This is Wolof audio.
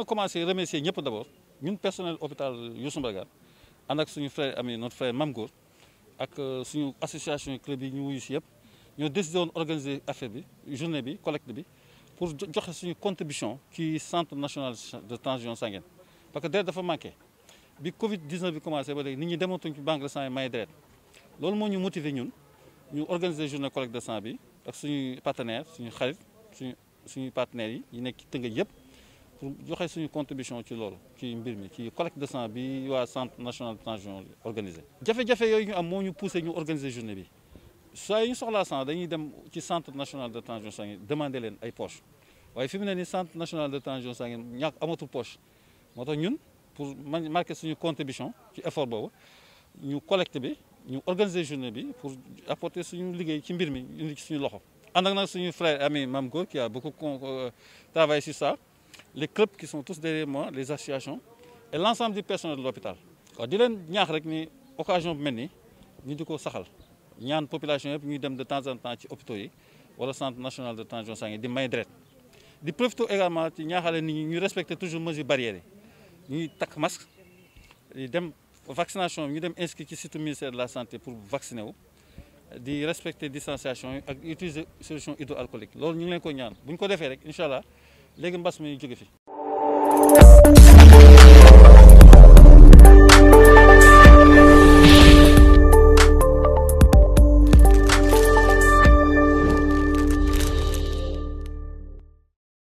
On commencé remercier d'abord d'abord, personnel hôpital l'hôpital Mbargane frère notre frère Mamgour et euh, l'association association club yi ñu décidé d'organiser affaire journée bi collecte pour faire une contribution au centre national de Transition sanguine parce que deret dafa manqué Le Covid 19 a commencé ba avons démontré ñi dematuñ banque de sang est may Nous avons motivé, ñu motiver ñun ñu organiser journée collecte de sang avec nos partenaires, nos suñu nos suñu partenaires yi yi nekk joxe suñu contribution ci loolu ci mbir mi ci collecte de sang bi waa centre national de transfusion organisé jafe-jafe yooyu ñu am moo ñu poussé ñu organiser journée bi saa yu ñu soxlaa sang dañuy dem ci centre national de transfusion sanguine demandé leen ay poche waaye fi mu ne nii centre national de transfusion sanguine ñàkk amatul poche moo tax ñun pour marquer suñu contribution ci effort boobu ñu collecte bi ñu organiser journée bi pour apporter suñu liggéey ci mbir mi indi ci suñu loxo ànd ak nag suñu frère ami mam Goor qui a beaucoup euh, travaillé sur ça les clubs qui sont tous derrière moi les associations et l'ensemble du personnel de l'hôpital Quand di a ñaax rek ni occasion bu nous ni ñu di saxal population qui de temps en temps ci l'hôpital yi wala centre national de transfusion sanguine di may deret Nous profité également ci nous respectons toujours ñu respecter toujours mesures barrières avons des masques, masque di des vaccination ñu avons inscrit le site ministère de la santé pour vacciner wu di respecter distanciation et ak utiliser solution hydroalcoolique Nous ñu ngi leen ko ñaan bu léegi mbas mi jóge fi